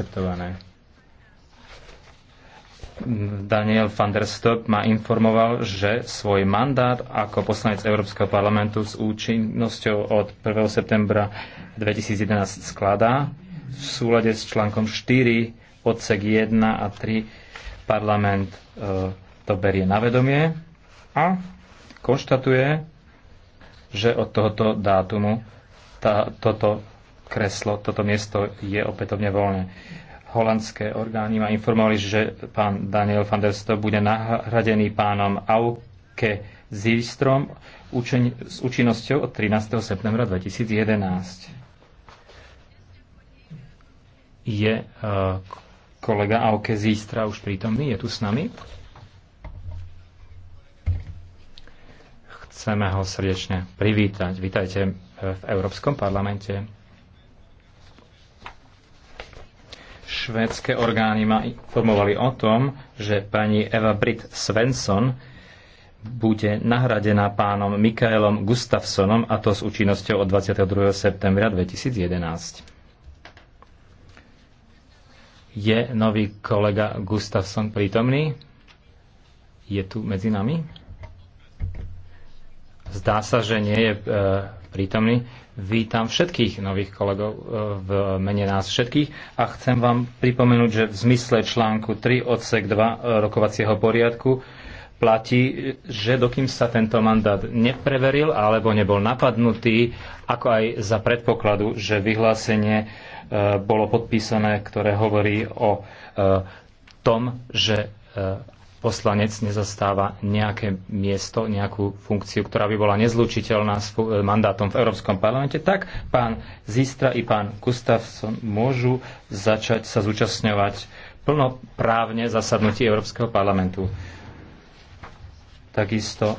akceptované. Daniel van der Stop ma informoval, že svoj mandát ako poslanec Európskeho parlamentu s účinnosťou od 1. septembra 2011 skladá v súlade s článkom 4 odsek 1 a 3 parlament e, to berie na vedomie a konštatuje, že od tohoto dátumu tá, toto kreslo, toto miesto je opätovne voľné. Holandské orgány ma informovali, že pán Daniel van der Sto bude nahradený pánom Auke Zilstrom s účinnosťou od 13. septembra 2011. Je uh, kolega Auke Zistra už prítomný? Je tu s nami? Chceme ho srdečne privítať. Vítajte e, v Európskom parlamente. švédske orgány ma informovali o tom, že pani Eva Britt Svensson bude nahradená pánom Mikaelom Gustafsonom a to s účinnosťou od 22. septembra 2011. Je nový kolega Gustafson prítomný? Je tu medzi nami? Zdá sa, že nie je e, prítomný. Vítam všetkých nových kolegov e, v mene nás všetkých a chcem vám pripomenúť, že v zmysle článku 3 odsek 2 e, rokovacieho poriadku platí, že dokým sa tento mandát nepreveril alebo nebol napadnutý, ako aj za predpokladu, že vyhlásenie bolo podpísané, ktoré hovorí o tom, že poslanec nezastáva nejaké miesto, nejakú funkciu, ktorá by bola nezlučiteľná s eh, mandátom v Európskom parlamente, tak pán Zistra i pán Gustafsson môžu začať sa zúčastňovať plnoprávne zasadnutí Európskeho parlamentu. Takisto